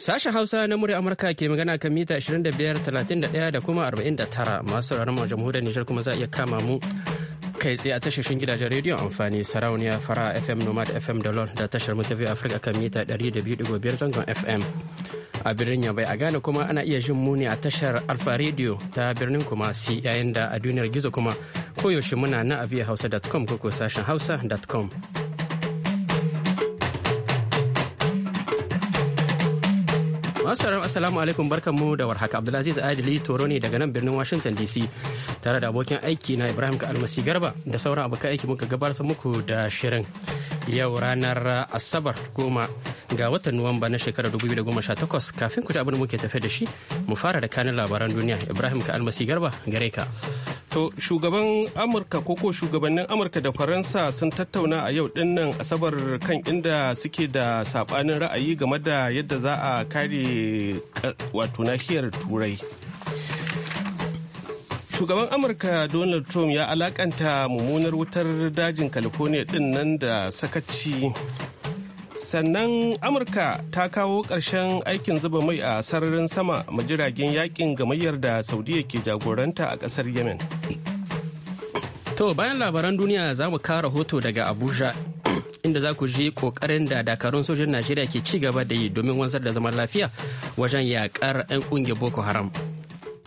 Sashen Hausa na murya Amurka ke magana kan mita 25,31 da kuma 49 masu sauraron mu jamhuriyar Nijar kuma za a iya kama mu kai tsaye a tashoshin gidajen rediyon amfani sarauniya fara FM Nomad FM da LOL da tashar mu tafi Afirka kan mita 200.5 zangon FM. A birnin Yabai a Ghana kuma ana iya jin mu ne a tashar Alfa Radio ta birnin Kumasi yayin da a duniyar gizo kuma koyaushe muna na abiya hausa.com ko sashen hausa.com. Masu sauraron Assalamu alaikum mu da warhaka Abdulaziz Adili Toro ne daga nan birnin Washington DC tare da abokin aiki na Ibrahim ka almasi Garba da sauran abokan aiki muka gabatar muku da shirin yau ranar Asabar goma ga watan Nuwamba na shekarar 2018 kafin ku ta abin muke tafe da shi mu fara da kanin labaran duniya Ibrahim ka almasi Garba gare ka. To shugaban Amurka koko shugabannin Amurka da Faransa sun tattauna a yau dinnan asabar kan inda suke da sabanin ra'ayi game da yadda za a kare wato nahiyar turai. Shugaban Amurka Donald Trump ya alakanta mummunar wutar dajin California din nan da sakaci sannan amurka ta kawo ƙarshen aikin zuba mai a sararin sama ma jiragen yakin gamayyar da saudiya ke jagoranta a ƙasar yemen to bayan labaran duniya za mu kawo rahoto daga abuja inda za ku ji kokarin da dakarun sojin najeriya ke ci gaba da yi domin wanzar da zaman lafiya wajen yakar 'yan ƙungiyar boko haram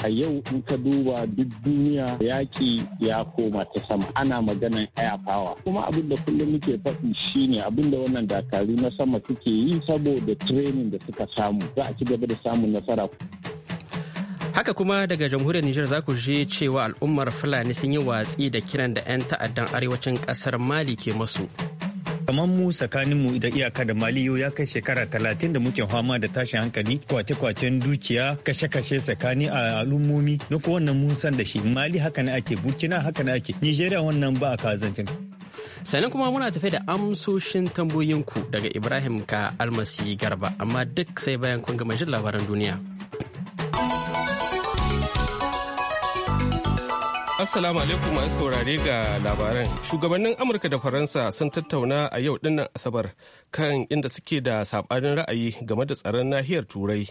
a yau in ka duba duk duniya yaƙi ya koma ta sama ana maganan air power kuma abin da kullum muke faɗi shine abin da wannan dakaru na sama suke yi saboda training da suka samu za a ci gaba da samun nasara haka kuma daga jamhuriyar Nijar za ku je cewa al'ummar Fulani sun yi watsi da kiran da 'yan ta'addan arewacin kasar Mali ke masu kamar mu tsakanin mu da iyaka da mali ya kai shekara talatin da muke fama da tashin hankali kwace-kwacen dukiya kashe-kashe tsakani a al'ummomi na wannan mun san da shi mali haka ne ake burkina haka ne ake nigeria wannan ba a kazancin sannan kuma muna tafe da amsoshin tambayoyinku daga ibrahim ka almasi garba amma duk sai bayan kun gama jin labaran duniya Assalamu alaikum masu saurare ga labaran. Shugabannin Amurka da Faransa sun tattauna a yau dinnan Asabar kan inda suke da sabanin ra'ayi game da tsaron nahiyar Turai.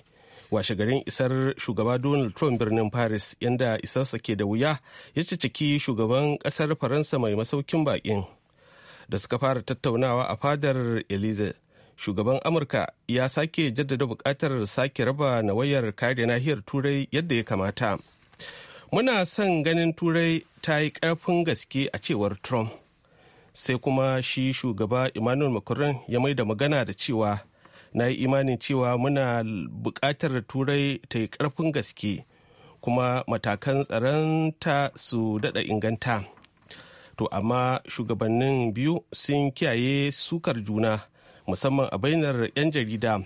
Washe garin isar shugaba Donald Trump birnin Paris yanda isarsa ke da wuya ya ciki shugaban kasar Faransa mai masaukin bakin. Da suka fara tattaunawa a fadar Elize, shugaban Amurka ya sake jaddada bukatar sake raba nawayar kare nahiyar Turai yadda ya kamata. muna son ganin turai ta yi ƙarfin gaske a cewar trump sai kuma shi shugaba emmanuel macron ya mai da magana da cewa na yi imanin cewa muna buƙatar turai ta yi ƙarfin gaske kuma matakan tsaronta su daɗa inganta to amma shugabannin biyu sun kiyaye sukar juna musamman a bainar 'yan jarida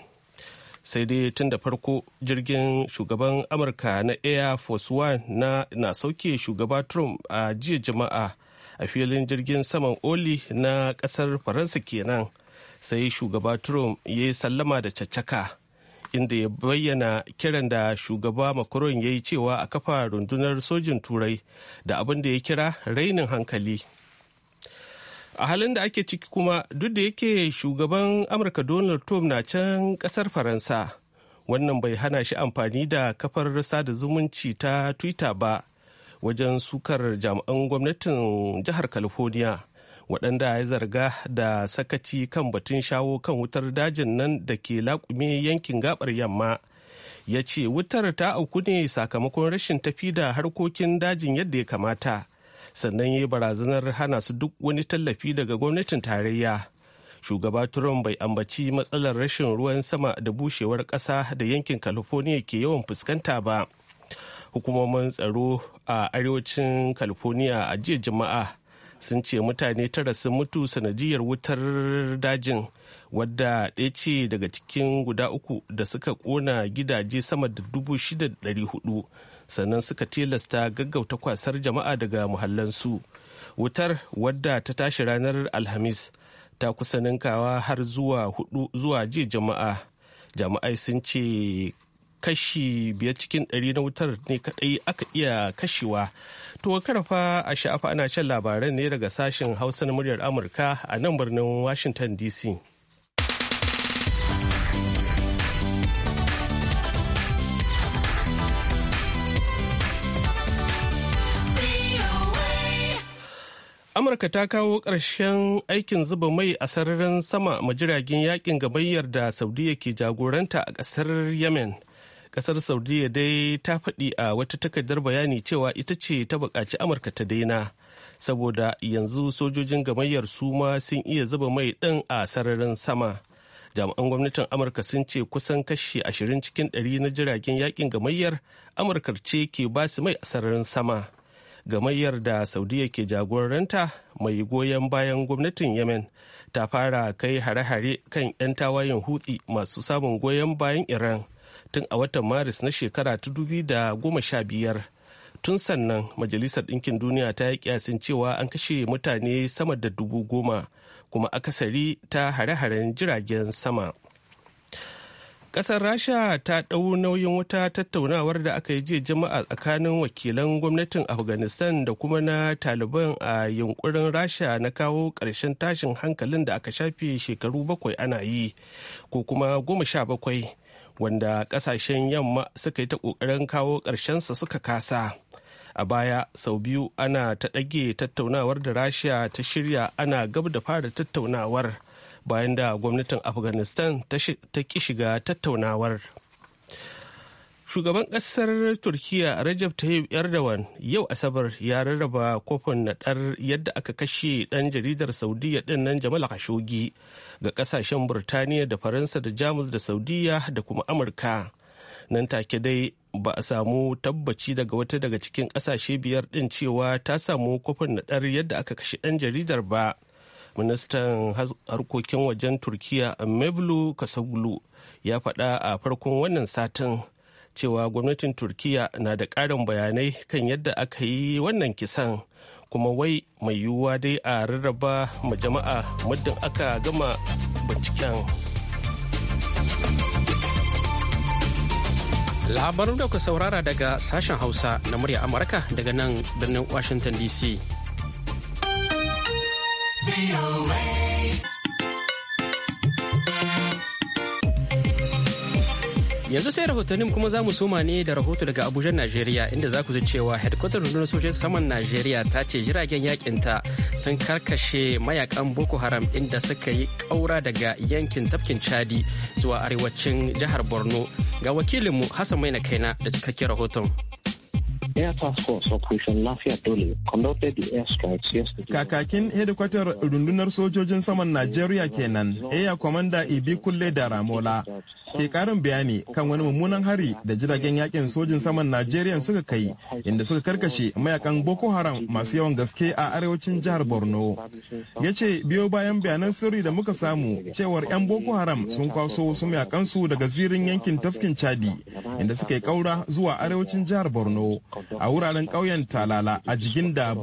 sai dai tun da farko jirgin shugaban amurka na air force one na, sauke shugaba trump a jiya jama'a a filin jirgin saman oli na kasar faransa kenan sai shugaba trump ya yi sallama da caccaka inda ya bayyana kiran da shugaba macron ya yi cewa a kafa rundunar sojin turai da abin da ya kira rainin hankali a halin da ake ciki kuma duk da yake shugaban amurka donald trump na can kasar faransa wannan bai hana shi amfani da kafar sada zumunci ta twitter ba wajen sukar jami'an gwamnatin jihar california waɗanda ya zarga da sakaci kan batun shawo kan wutar dajin nan da ke laƙume yankin gabar yamma ya ce wutar ta auku ne sakamakon rashin tafi da harkokin dajin yadda ya kamata sannan yi barazanar hana su duk wani tallafi daga gwamnatin tarayya shugaba trump bai ambaci matsalar rashin ruwan sama da bushewar kasa da yankin california ke yawan fuskanta ba hukumomin tsaro a arewacin california a jiya juma'a sun ce mutane tara sun mutu sanadiyar wutar dajin wadda ɗaya ce daga cikin guda uku da suka ƙona gidaje sama da dubu shida da sannan suka tilasta gaggauta kwasar jama'a daga muhallansu wutar wadda ta tashi ranar alhamis ta kusa ninkawa har zuwa hudu zuwa ji jama'a jama'ai sun ce kashi biyar cikin ɗari na wutar ne kaɗai aka iya kashewa to karfa a sha'afa ana shan labaran ne daga sashen hausa na muryar amurka a nan birnin washington dc amurka ta kawo ƙarshen aikin zuba mai a sararin sama ma jiragen yakin gabayyar da saudiya ke jagoranta a ƙasar yemen ƙasar saudiya dai ta faɗi a wata takardar bayani cewa ita ce ta buƙaci amurka ta daina saboda yanzu sojojin gamayyar su ma sun iya zuba mai ɗin a sararin sama jami'an gwamnatin amurka sun ce kusan kashi ashirin cikin ɗari na jiragen yakin gamayyar amurkar ce ke basu mai a sararin sama gamayyar da saudiya ke jagoranta mai goyon bayan gwamnatin yemen ta fara kai hare-hare kan 'yan tawayen hutsi masu samun goyon bayan iran tun a watan maris na shekara ta biyar tun sannan majalisar ɗinkin duniya ta yi kyasin cewa an kashe mutane sama da dubu goma kuma akasari ta hare-haren jiragen sama. Ƙasar Rasha ta ɗau nauyin wata tattaunawar da aka yi jiya jama'a tsakanin wakilan gwamnatin Afghanistan da kuma na Taliban a yunkurin Rasha na kawo ƙarshen tashin hankalin da aka shafe shekaru bakwai ana yi ko kuma goma sha bakwai wanda ƙasashen yamma suka yi ta ƙoƙarin kawo ƙarshensa suka kasa. A baya sau biyu ana ta ɗage tattaunawar da Rasha ta shirya ana gab da fara tattaunawar. bayan da gwamnatin afghanistan ta ki shiga tattaunawar shugaban ƙasar turkiya rajab tayyip erdogan yau asabar ya rarraba kofin nadar yadda aka kashe ɗan jaridar saudiya din nan jamal khashoggi ga ƙasashen burtaniya da faransa da jamus da saudiya da kuma amurka nan take dai ba a samu tabbaci daga wata daga cikin ƙasashe biyar ɗin cewa ta samu kofin nadar yadda aka kashe ɗan jaridar ba ministan harkokin wajen turkiya mevlu kasaglu ya faɗa a farkon wannan satin cewa gwamnatin turkiya na da ƙarin bayanai kan yadda aka yi wannan kisan kuma wai mai yiwuwa dai a rarraba ma jama'a muddin aka gama binciken labarin da ku saurara daga sashen hausa na murya amurka daga nan birnin washington dc yanzu sai rahotannin kuma za mu soma ne da rahoto daga abuja najeriya inda za ku ji cewa hedkwatar rundunar sojin saman najeriya ta ce jiragen yakinta sun karkashe mayakan boko haram inda suka yi kaura daga yankin tafkin chadi zuwa arewacin jihar borno ga wakilinmu hassan maina kaina da cikakken rahoton Air Task Force Operation Lafiya Dole conducted the airstrikes yesterday. Kakakin hedikwatar rundunar sojojin saman Najeriya kenan, Air Commander Ibi Kulle da Ramola. ke karin bayani kan wani mummunan hari da jiragen yakin sojin saman Najeriya suka kai inda suka karkashe mayakan Boko Haram masu yawan gaske a arewacin jihar Borno. Ya ce biyo bayan bayanan sirri da muka samu cewar 'yan Boko Haram sun kwaso wasu mayakansu daga zirin yankin tafkin Chadi inda suka yi kaura zuwa arewacin jihar Borno a wuraren ƙauyen Talala a jigin da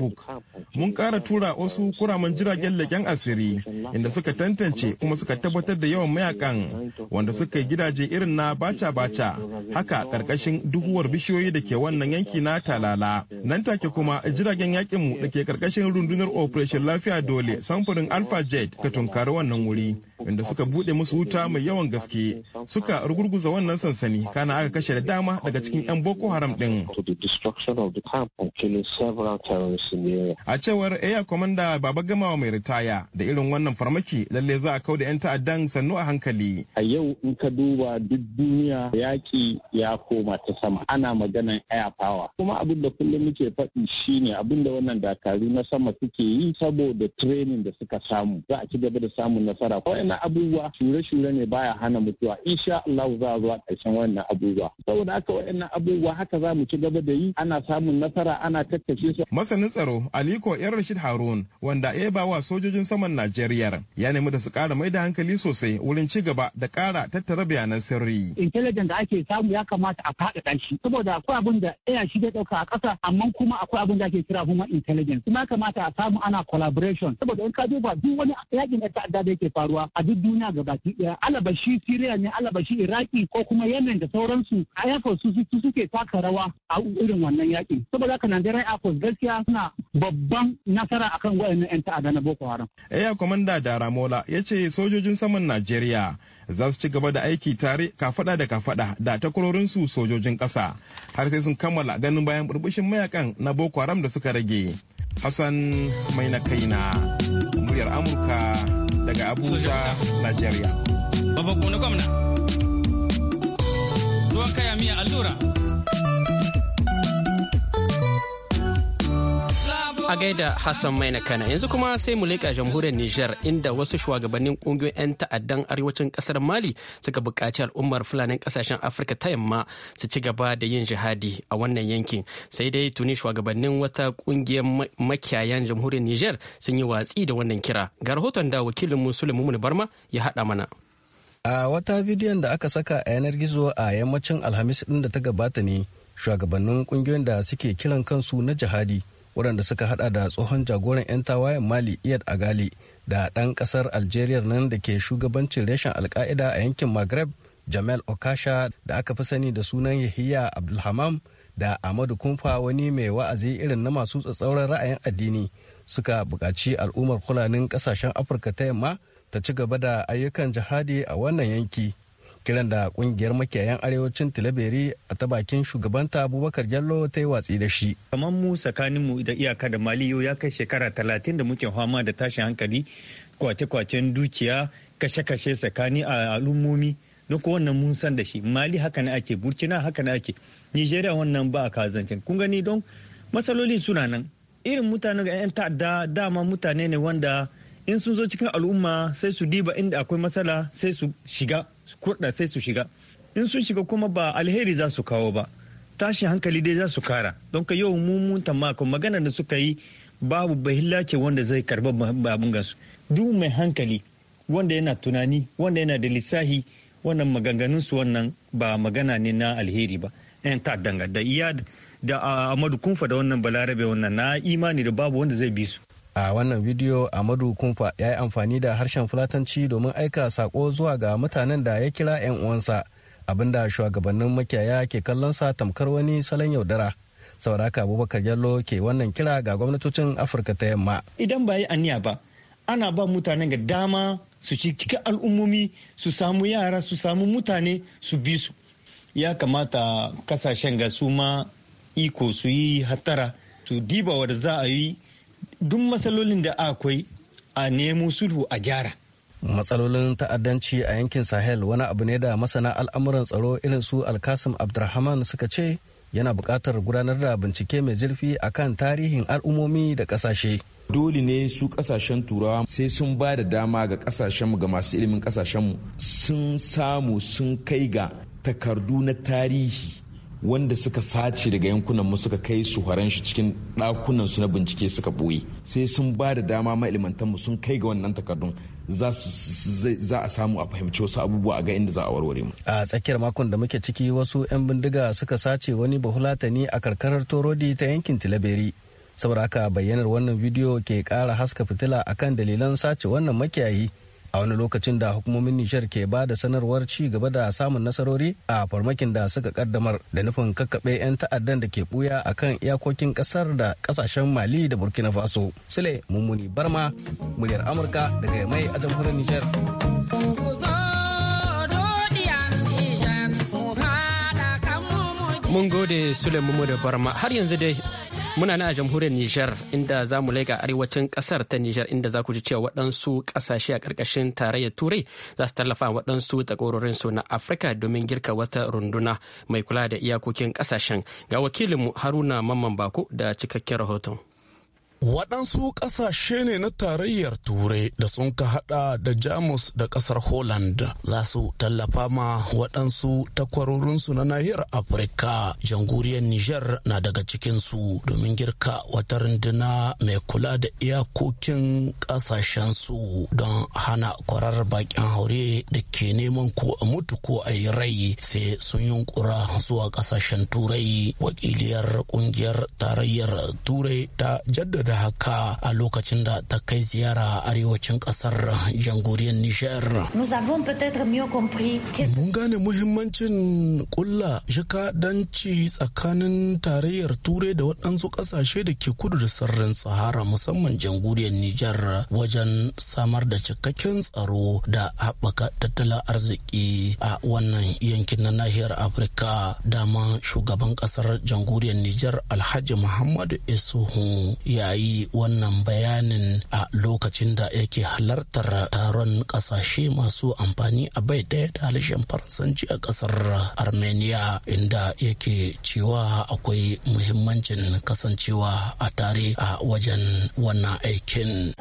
Mun ƙara tura wasu kuraman jiragen leƙen asiri inda suka tantance kuma suka tabbatar da yawan mayakan wanda suka yi gidaje irin na baca-baca haka karkashin duhuwar bishiyoyi da ke wannan yanki na talala nan take kuma jiragen mu da ke karkashin rundunar operation lafiya dole samfurin alpha jet ka tunkari wannan wuri inda suka buɗe musu wuta mai yawan gaske suka rugurguza wannan sansani kana aka kashe da dama daga cikin 'yan boko haram ɗin. a cewar air commander baba gamawa mai ritaya da irin wannan farmaki lalle za a kau da 'yan ta'addan sannu a hankali a yau in ka duba duk duniya yaki ya koma ta sama ana maganan air power kuma abin da kullum muke faɗi shine abin da wannan dakaru na sama suke yi saboda training da suka samu za a ci gaba da samun nasara ko wannan abubuwa shure-shure ne baya hana mutuwa insha Allah za a zuwa ƙarshen wannan abubuwa saboda haka waɗannan abubuwa haka za mu ci gaba da yi ana samun nasara ana kakkashe su masanin tsaro Aliko Yar Rashid Harun wanda ya ba wa sojojin saman Najeriya ya nemi da su ƙara mai da hankali sosai wurin ci gaba da ƙara tattara bayanan sirri intelligence da ake samu ya kamata a ɗan shi saboda akwai abin da ɗaya shi zai ɗauka a ƙasa amma kuma akwai abin da ake kira human intelligence kuma ya kamata a samu ana collaboration saboda in ka duba duk wani yakin ɗan ta'adda da yake faruwa a duk duniya gabaki daya alabashi Syria ne alabashi Iraki ko kuma Yemen da sauransu a Force su suke taka rawa a irin wannan yakin saboda haka Nigerian Air gaskiya suna babban nasara akan wayannan yan ta'adda na Boko Haram Air Commander Daramola ya ce sojojin saman Najeriya za su ci gaba da aiki tare kafada da kafada da su sojojin ƙasa har sai sun kammala ganin bayan burbushin mayakan na Boko Haram da suka rage Hassan Mai na kaina muryar Amurka daga Abuja, Najeriya. Babban gwamna. Ruwan kaya miya allura. a gaida Hassan Maina Kana yanzu kuma sai mu leƙa jamhuriyar Nijar inda wasu shugabannin ƙungiyoyin 'yan ta'addan arewacin ƙasar Mali suka buƙaci al'ummar Fulanin ƙasashen Afirka ta yamma su ci gaba da yin jihadi a wannan yankin sai dai tuni shugabannin wata ƙungiyar makiyayan jamhuriyar Nijar sun yi watsi da wannan kira ga rahoton da wakilin Musulun Mumuni Barma ya haɗa mana. A wata bidiyon da aka saka a yanar gizo a yammacin Alhamis ɗin da ta gabata ne shugabannin ƙungiyoyin da suke kiran kansu na jihadi waɗanda suka hada da tsohon jagoran 'yan tawayen mali iyad agali da ɗan ƙasar algeria nan da ke shugabancin reshen alka'ida a yankin maghreb jamal okasha da aka fi sani da sunan yahiya abdulhamam da amadu kumfa wani mai wa'azi irin na masu tsatsauran ra'ayin addini suka buƙaci al'ummar kulanin ƙasashen afirka ta yamma ta ci gaba da ayyukan jihadi a wannan yanki kiran da kungiyar makiyayan arewacin tilaberi a ta bakin shugabanta abubakar jallo ta yi watsi da shi kamar mu tsakanin mu da iyaka da maliyo ya kai shekara talatin da muke fama da tashin hankali kwace-kwacen dukiya kashe-kashe tsakani a al'ummomi don ko wannan mun san da shi mali haka ne ake burkina haka ne ake nigeria wannan ba a kazancin kun gani don matsaloli suna nan irin mutane ga 'yan ta'adda dama mutane ne wanda in sun zo cikin al'umma sai su diba inda akwai matsala sai su shiga kurɗa sai su shiga in sun shiga kuma ba alheri za su kawo ba tashi hankali dai za su kara don ka yau mummun tamakon magana da suka yi babu bahilla ce wanda zai karba babun gansu duk mai hankali wanda yana tunani wanda yana da lissahi wannan maganganunsu wannan ba magana ne na alheri ba yan danga da iya da amadu kunfa da wannan balarabe wannan na imani da babu wanda zai bi su a wannan bidiyo amadu kumfa ya yi amfani da harshen fulatanci domin aika sako zuwa ga mutanen da ya kira 'yan uwansa abinda shugabannin makiyaya ke kallonsa tamkar wani salon yaudara sauraka abubakar yallo ke wannan kira ga gwamnatocin afirka ta yamma idan ba yi aniya ba ana ba mutanen ga dama su ci cikin al'ummomi su samu yara su samu mutane su bi su ya kamata kasashen ga su ma iko su yi hattara su diba wadda za a yi duk matsalolin da akwai a nemo sulhu a gyara matsalolin ta'addanci a yankin sahel wani abu ne da masana al'amuran tsaro irin su alkasim abdulrahman suka ce yana buƙatar gudanar da bincike mai zurfi kan tarihin al'ummomi da ƙasashe dole ne su ƙasashen turawa sai sun ba da dama ga ƙasashen ga masu ilimin ƙasashenmu. sun samu sun kai ga takardu na tarihi wanda suka sace daga yankunan mu suka kai su horon shi cikin ɗakunan su na bincike suka ɓoye sai sun ba da dama ma'ilimantan mu sun kai ga wannan takardun za a samu a fahimci wasu abubuwa a ga inda za a warware mu. A tsakiyar makon da muke ciki wasu 'yan bindiga suka sace wani bahulatani a karkarar Torodi ta yankin Tilaberi. Saboda haka bayyanar wannan bidiyo ke kara haska fitila akan dalilan sace wannan makiyayi a wani lokacin da hukumomin nishar ke ba da sanarwar ci gaba da samun nasarori a farmakin da suka kaddamar da nufin kakkaɓe 'yan ta'addan da ke buya a kan iyakokin ƙasar da ƙasashen mali da burkina faso sule mummuni barma muryar amurka daga mai a jamhuriyar nishar mun gode sule mummuni barma har yanzu dai Muna na a jamhuriyar Nijar inda za mu laika arewacin kasar ta Nijar inda za ku ji cewa waɗansu ƙasashe a ƙarƙashin tarayyar Turai za su tallafa waɗansu takwarorin su na Afirka domin girka wata runduna mai kula da iyakokin ƙasashen. Ga wakilinmu Haruna Mamman Bako da cikakken rahoton. waɗansu ƙasashe ne na tarayyar turai da sun ka haɗa da jamus da ƙasar holland za su tallafa ma waɗansu takwarorinsu na nahiyar afirka jamhuriyar Nijar na daga cikinsu domin girka wata runduna mai kula da iyakokin ƙasashensu don hana kwarar bakin haure da ke neman ko a mutu ko a yi rai sai sun yunkura zuwa ƙasashen turai wakiliyar ƙungiyar tarayyar turai ta jaddada da haka a lokacin da ta kai ziyara arewacin kasar jamhuriyar Nijar. Mun gane muhimmancin kulla shikadanci tsakanin tarayyar Turai da waɗansu ƙasashe da ke kudu da sararin Sahara musamman jamhuriyar Nijar wajen samar da cikakken tsaro da haɓaka tattalin arziki a wannan yankin na nahiyar Afirka dama shugaban ƙasar jamhuriyar Nijar Alhaji Muhammadu Isuhu yayi yi wannan bayanin a lokacin da yake halartar taron kasashe masu amfani a bai ɗaya da harshen faransanci a ƙasar armenia inda yake cewa akwai muhimmancin kasancewa a tare a wajen wannan aikin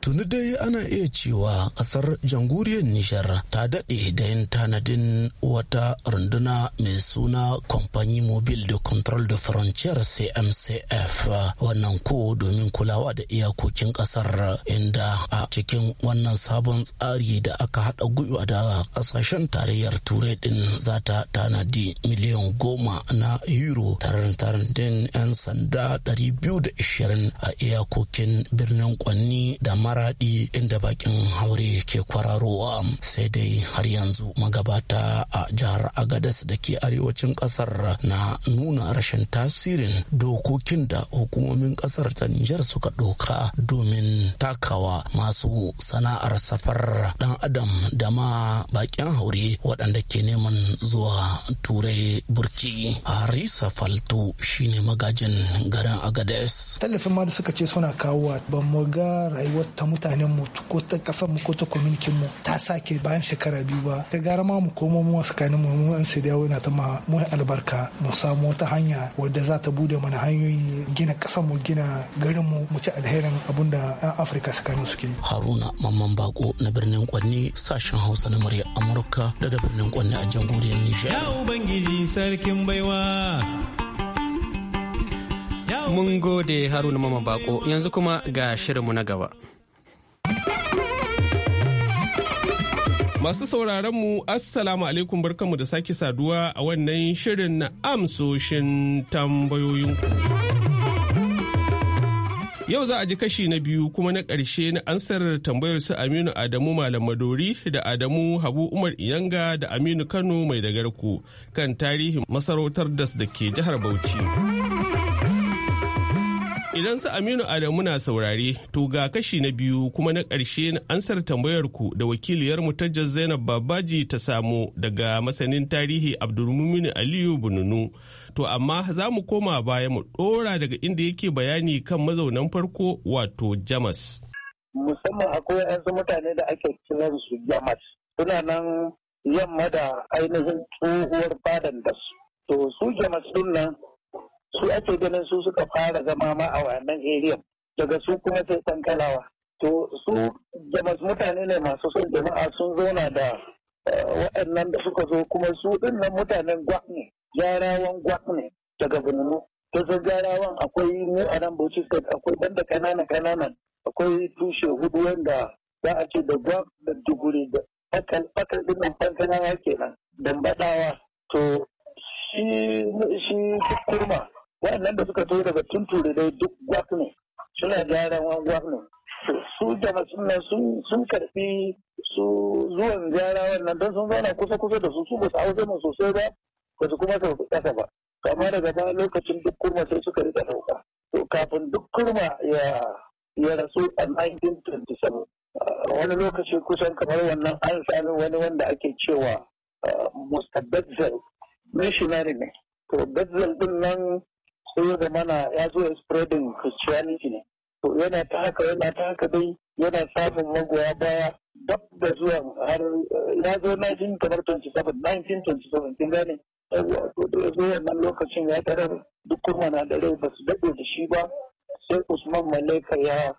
tuni dai ana iya cewa ƙasar jamhuriyar nishar ta daɗe da yin tanadin wata runduna mai suna Compagnie mobile de control de frontier cmcf wannan ko domin domin kulawa da iyakokin kasar inda a cikin wannan sabon tsari da aka haɗa gwiwa da kasashen tarayyar turai din zata ta tanadi miliyan goma na euro tarantarin din 'yan sanda 220 a iyakokin birnin kwanni da maradi inda bakin haure ke kwararowa sai dai har yanzu magabata a jihar agadas da ke arewacin kasar na nuna rashin tasirin dokokin da hukumomin kasar ta Nijar suka ɗauka domin takawa masu sana'ar safar ɗan adam da ma baƙin haure waɗanda ke neman zuwa turai burki. Harisa Falto shine magajin garin Agades. Tallafin ma da suka ce suna kawowa ba mu ga rayuwar ta mutanen mu ko ta ƙasar mu ko ta kwaminkin mu ta sake bayan shekara biyu ba. Ta gara ma mu komo mu kanin mu mu an sai yana ta ma mu albarka mu samu wata hanya wadda za ta bude mana hanyoyi gina ƙasar mu gina gari kokarin mu mu ci alherin abun da yan afirka tsakanin suke haruna mamman bako na birnin kwanne sashen hausa na murya amurka daga birnin kwanne a jamhuriyar nijar ya ubangiji sarkin baiwa mun gode haruna mamman bako yanzu kuma ga shirinmu na gaba Masu sauraron mu Assalamu alaikum barkanmu da sake saduwa a wannan shirin na amsoshin tambayoyinku. Yau za a ji kashi na biyu kuma na ƙarshe na ansar tambayar su Aminu Adamu Malam Madori da Adamu Habu Umar Iyanga da Aminu Kano mai dagarku kan tarihin masarautar das da ke jihar Bauchi. Idan su Aminu Adamu na saurare, to ga kashi na biyu kuma na ƙarshe na ansar tambayar ku da wakiliyar mutajjar Zainab Babaji ta samu daga masanin tarihi Abdulmumin Aliyu Bununu. to amma za mu koma baya mu ɗora daga inda yake bayani kan mazaunan farko wato Jamas. Musamman akwai 'yansu mutane da ake kiran su Jamas. Suna nan yamma da ainihin tsohuwar badan da su. To su jamas din nan su ake ganin su suka fara zama ma a wannan area daga su kuma sai kankalawa. To su jamas mutane ne masu son jama'a sun zauna da eh, waɗannan da suka zo kuma su ɗin nan mutanen gwak ne jarawan gwak ne daga bununu san jarawan akwai mu a nan bauchi state akwai banda ƙananan ƙananan akwai tushe hudu wanda za a ce da gwak da duguri da akal akal din nan nan kenan dambadawa to shi shi kurma waɗannan da suka to daga tunture dai duk gwak ne suna jarawan gwak ne su jama nan sun karfi su zuwan jarawan nan don sun zauna kusa kusa da su su ba su hausa sosai ba ba su kuma sauka ƙasa ba amma daga baya lokacin duk kurma sai suka rika sauka to kafin duk kurma ya ya rasu a 1927 uh, wani lokaci kusan kamar wannan an sami wani wanda ake cewa uh, musta betzel missionary ne to betzel din nan sai ya zamana ya zo spreading christianity ne to yana ta haka yana ta haka dai yana samun magoya baya dab da zuwa har uh, ya zo 1927 1927 kin gane yawwa to da ya zo wannan lokacin ya tarar dukkan kuma na da rai ba su daɗe da shi ba sai usman malaika ya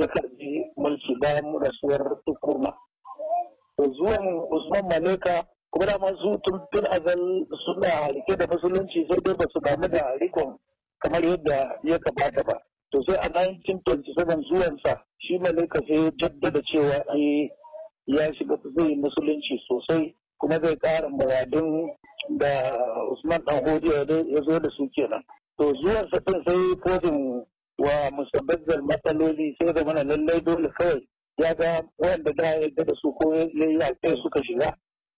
ya karbi mulki bayan rasuwar tukurma to zuwan usman malaika kuma da masu tun azal suna rike da musulunci sai dai ba su damu da rikon kamar yadda ya kamata ba to sai a 1927 zuwansa shi malaika sai ya jaddada cewa ya shiga zai musulunci sosai kuma zai ƙara muradun da Usman Dan Hodiya ya zo da su kenan. To zuwan sa din sai kojin wa musabbazar matsaloli sai da mana lallai dole kawai ya ga wanda da ya yarda da su ko ya yaƙe suka shiga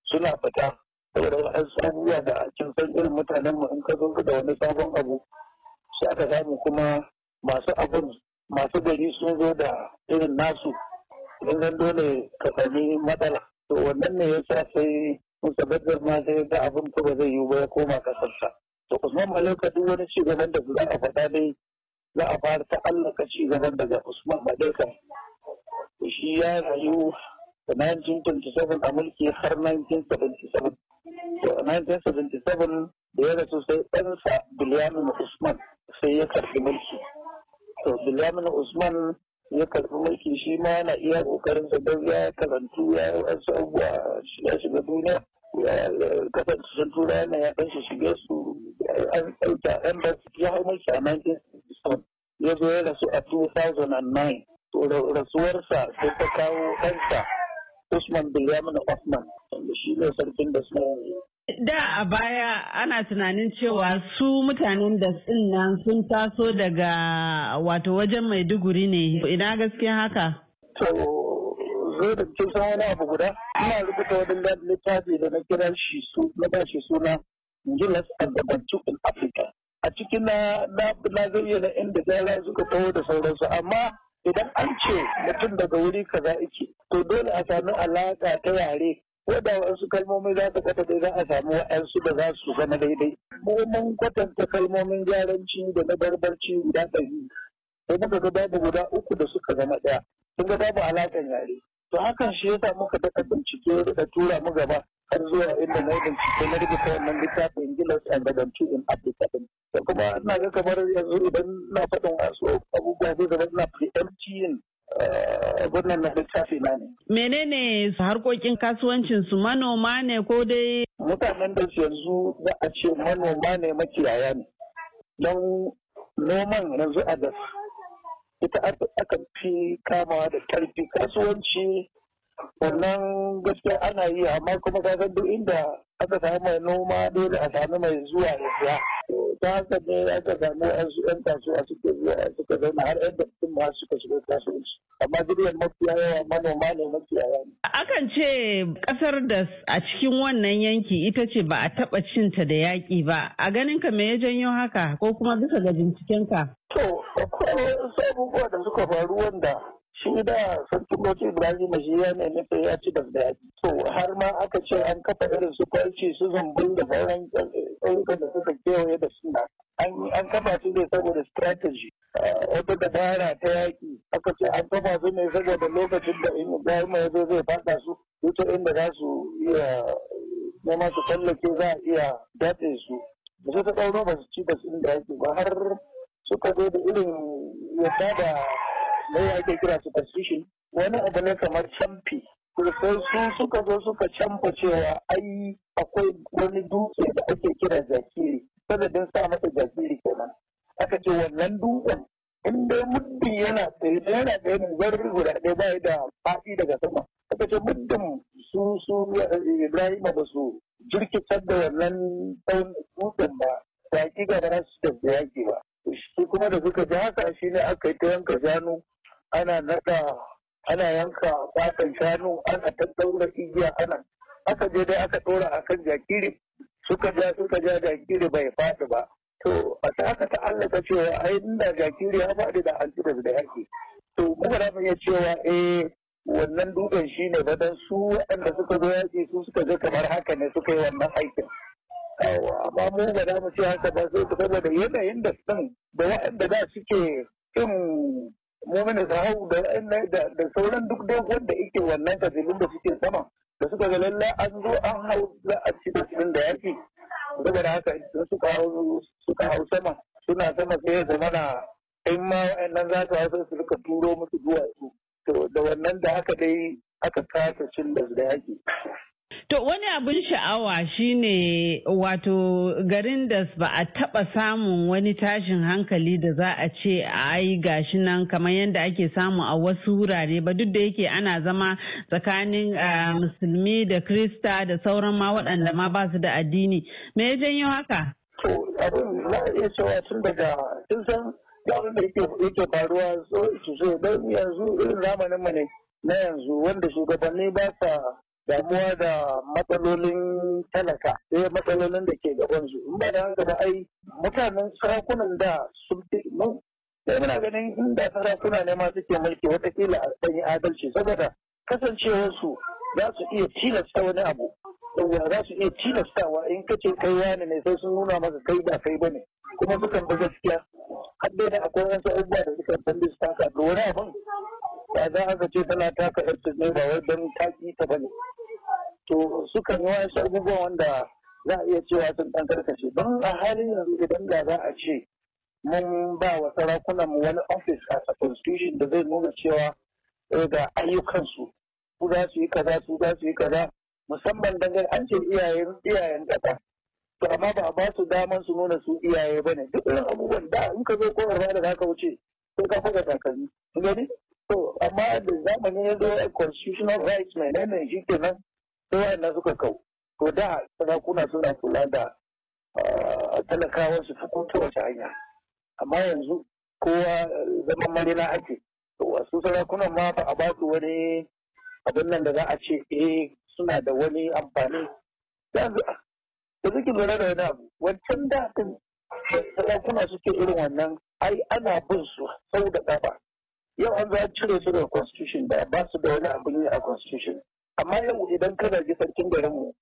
suna fita. Saboda waɗansu abubuwa da kin san irin mutanen mu in ka zo da wani sabon abu sai aka samu kuma masu abun masu gari sun zo da irin nasu. Idan dole ka sami matsala. To wannan ne ya sa sai musabbabin ma sai da abin kuma zai yiwu ba ya koma kasarsa to usman malauka duk wani ci gaban da za a faɗa dai za a fara ta'allaka ci gaban daga usman malauka shi ya rayu da 1927 a mulki har 1977 to a 1977 da ya rasu sai ɗansa bilyamin usman sai ya karɓi mulki to bilyamin usman ya karɓi mulki shi ma yana iya ƙoƙarin sa don ya karantu ya yi wasu abubuwa ya shiga duniya ya kasance sun tura yana ya ɗan shige su an ɗauka ɗan da ya hau mulki a 1967 ya zo ya rasu a 2009 to rasuwarsa sai ta kawo ɗansa Usman Bilyamin Osman wanda shi ne sarkin da suna yanzu. da a baya ana tunanin cewa su mutanen da nan sun taso daga wato wajen maiduguri ne ina gaskiya haka to zo da cikin wani abu guda ina rubuta wani littafi da na kira shi su na ba shi suna Guinness and the Bantu in Africa a cikin na na na inda gara suka kawo da sauransu amma idan an ce mutum daga wuri kaza yake to dole a sami alaka ta yare ko da wasu kalmomi za su kwata dai za a samu wa'ansu da za su zama daidai mu mun kwatanta kalmomin gyaranci da na barbarci guda ɗari sai muka ga babu guda uku da suka zama ɗaya sun ga babu alaƙan yare to hakan shi ya sa muka daɗa bincike da tura mu gaba har zuwa inda na bincike na rubuta wannan littafin gilas and the country in Africa din da kuma ina ga kamar yanzu idan na faɗin wasu abubuwa zai gaba ina preempting gudunar eh, na littafi na ne. Menene harkokin kasuwancin su manoma ne ko dai? Mutanen da yanzu za a ce manoma ne makiyaya ne. Don noman yanzu a da ita aka fi kamawa da karfi kasuwanci sannan gaskiya ana yi amma kuma ka san duk inda aka samu mai noma dole a sami mai zuwa ya siya ta haka ne aka samu wasu yan kasuwa suke zuwa suka zauna har yadda dattin ma suka shiga kasuwanci amma jirgin mafiya yawa manoma ne mafiya yawa. akan ce kasar da a cikin wannan yanki ita ce ba a taba cinta da yaƙi ba a ganin ka me ya janyo haka ko kuma bisa ga bincikenka. to akwai sabuwa da suka faru wanda shi da sarkin bauchi ibrahim shi ya nemi sai ya ci daddadi to har ma aka ce an kafa irin su kwalci su zumbul da sauran ƙauyukan da suka kewaye da suna an kafa su ne saboda strategy ah, wata dabara ta yaki. aka ce an kafa su ne saboda lokacin da in ibrahim ya zo zai fasa su wuta inda za su iya nema su tallake za a iya dace su ba su ta ƙauro ba su ci da su inda yaƙi ba har suka zo da irin yadda da mai ake kira superstition wani abu ne kamar camfi sai su suka zo suka camfa cewa ai akwai wani dutse da ake kira zakiri sanadin sa masa zakiri kenan aka ce wannan dutsen in dai muddin yana tsaye yana da yanin zarri guda ɗaya ba da faɗi daga sama aka ce muddin su su ibrahima ba su jirkitar da wannan tsawon dutsen ba da ga ba su tafi yaƙi ba shi kuma da suka ji haka shi ne aka yi ta yanka shanu ana naɗa ana yanka fatan shanu ana tattaura igiya ana aka je dai aka ɗora akan jakiri suka ja suka ja jakiri bai faɗi ba to a ta aka cewa ai inda jakiri ya fadi da antidote da yake to muka da ya cewa eh wannan dukan shi ne badan su waɗanda suka zo yaƙi su suka ga kamar haka ne suka yi wannan aikin amma mu ba za mu ce haka ba sai saboda yanayin da sun da waɗanda da suke yin mumin da hau da sauran duk dogon da yake wannan kabilun da suke sama da suka ga lallai an zo an hau za a ci da da daga da haka idan suka hau sama suna sama sai ya zama na in ma wa'annan za su hau su rika turo musu duwatsu to da wannan da haka dai aka kasa cin da yaki To wani abin sha'awa shine wato garin da ba a taba samun wani tashin hankali da za a ce ai gashi nan kamar yadda ake samu a wasu wurare ba duk da yake ana zama tsakanin ah, musulmi da krista da sauran ma waɗanda ma ba su da addini me ya janyo haka? To abin na iya cewa tun daga tun san abin da yake faruwa so yanzu irin zamanin mu ne na yanzu wanda shugabanni ba sa damuwa da matsalolin talaka sai eh, matsalolin da ke gaban su in ba da haka ba ai mutanen sarakunan da sun fi mun sai eh, muna ganin inda sarakuna ne ma suke mulki watakila a sanyi adalci saboda kasancewarsu za su iya tilasta wani abu saboda za su iya tilastawa in kace kai wani ne sai sun nuna maka kai ba kai bane kuma sukan bi gaskiya har dai da akwai wasu abubuwa da suka san da su taka wani abin ba za a ce tana taka yarta ne ba wai don taki ta bane to sukan yi wasu abubuwan wanda za a iya cewa sun ɗan karkashe don a halin yanzu idan da za a ce mun ba wa sarakunan mu wani ofis a constitution da zai nuna cewa eh, ga ayyukansu su za su yi kaza su za su yi kaza musamman dangane an ce iyayen iyayen ƙasa to amma ba a ba su daman su nuna su iyaye ba ne, duk irin abubuwan da in ka zo koyarwa da zaka wuce sai ka buga takalmi gani amma da zamani ya zo eh, constitutional rights mai nan shi kenan sai suka kau to da sarakuna suna kula da ah, talakawa su fi kunta wace hanya amma yanzu kowa eh, zaman marina ake wasu sarakunan ma ba a ba su wani abin nan da za a ce eh suna da wani amfani yanzu ah, da suke lura da wani abu wancan da eh, sarakuna suke irin wannan ai ana bin su sau da kafa yau an za cire su daga constitution da ba su da wani abin yi a constitution amma yau idan ka zargi sarkin garinmu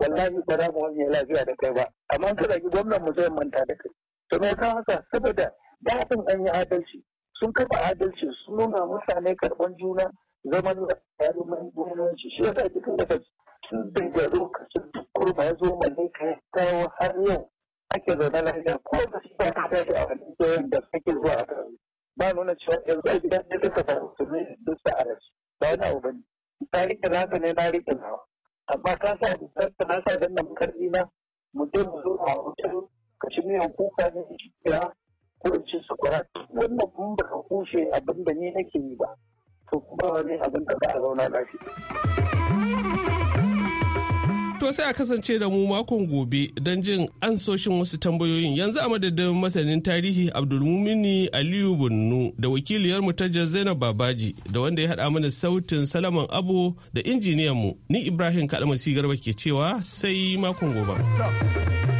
wallahi ba za mu wani lafiya da kai ba amma ka zargi gwamnan mu zai manta da kai to me ka haka saboda sun an yi adalci sun kafa adalci sun nuna mutane karɓan juna zaman lafiya mai gwamnati shi yasa cikin da tun daga lokacin kurma ya zo mai kai kawo har yau ake zaune lafiya ko da shi ba ka tashi a wani da kake zuwa a kan ba nuna cewa yanzu a gidan da duka ba, su ne duk da arashi ba wani abu bane ta rike nasa ne na rike nawa amma ka sa ta na sa danna makarni na mu je mu zo a ka ci miyan kuka ne ya ko in ci sukura wannan ba baka kushe abin da ni nake yi ba to ba wani abin da za a zauna lafiya To sai a kasance da mu makon gobe don jin ansoshin wasu tambayoyin yanzu a madadin masanin tarihi Abdulmumini Aliyu Bunnu da wakiliyar mu ta Zainab Babaji da wanda ya haɗa mana sautin Salaman abu da injiniyan mu ni Ibrahim Kalmasi Garba ke cewa sai makon gobe.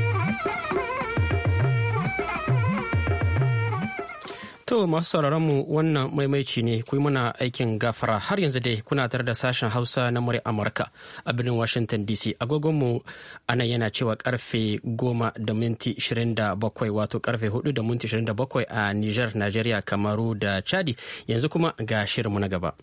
To masu sauraron mu wannan maimaici ne kuyi muna aikin gafara har yanzu dai kuna tare da sashen Hausa na murya Amurka a birnin Washington DC. Agogonmu a yana cewa karfe goma da wato karfe 4 a Niger, Nigeria, Kamaru da Chadi. Yanzu kuma ga shirinmu na gaba.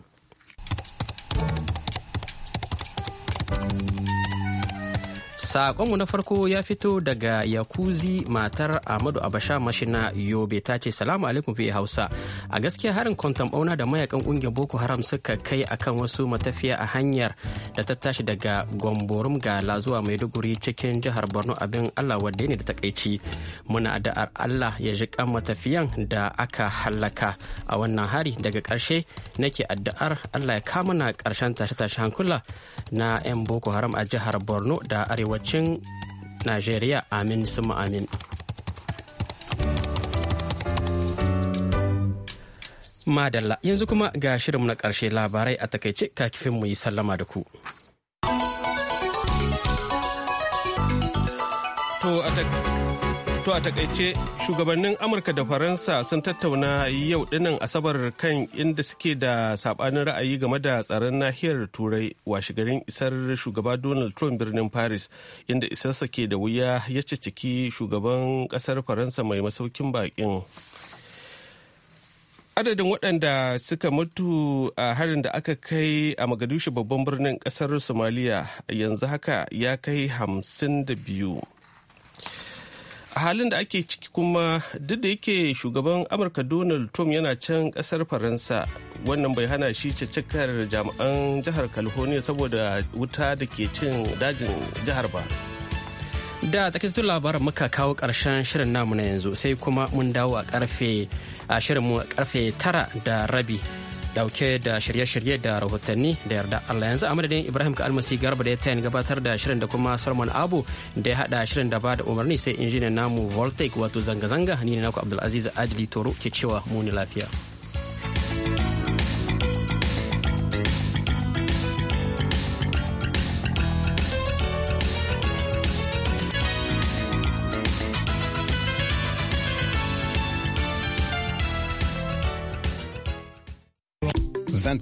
Sakonmu na farko ya fito daga Yakuzi matar Ahmadu Abasha Mashina Yobe ta ce salamu alaikum fiye Hausa. A gaskiya harin kwantam bauna da mayakan kungiyar Boko Haram suka kai akan wasu matafiya a hanyar da ta tashi daga Gomborum Gala zuwa Maiduguri cikin jihar Borno abin Allah wadda ne da takaici. Muna da'ar Allah ya ji kan matafiyan da aka hallaka a wannan hari daga ƙarshe nake addu'ar Allah ya kama na ƙarshen tashe-tashe hankula na 'yan Boko Haram a jihar Borno da arewa arewacin najeriya amin suma amin madalla yanzu kuma ga shirinmu na ƙarshe labarai a takaice kafin mu yi sallama da ku to a To a takaice shugabannin Amurka da Faransa sun tattauna yau dinin asabar kan inda suke da sabanin ra'ayi game da tsaron nahiyar turai garin isar shugaba Donald Trump birnin Paris inda isarsa ke da wuya ya ciki shugaban kasar Faransa mai masaukin bakin. adadin waɗanda suka mutu a harin da aka kai a magadushi babban birnin ƙasar somaliya yanzu haka ya kai hamsin da biyu a halin da ake ciki kuma duk da yake shugaban amurka donald trump yana can kasar faransa wannan bai hana shi cikakkar jami'an jihar california saboda wuta da ke cin dajin jihar ba da takaitattun labaran muka kawo karshen shirin namu na yanzu sai kuma mun dawo a karfe a shirinmu karfe tara da rabi dauke da shirye-shirye da rahotanni da yarda Allah yanzu a madadin Ibrahim Kalmasi Garba da ya tayin gabatar da shirin da kuma Salman Abu da ya hada shirin da ba da umarni sai injiniyan namu Voltaic wato zanga-zanga ni ne naku Abdulaziz Ajli Toro ke cewa muni lafiya.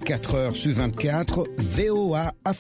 24 h sur 24, VOA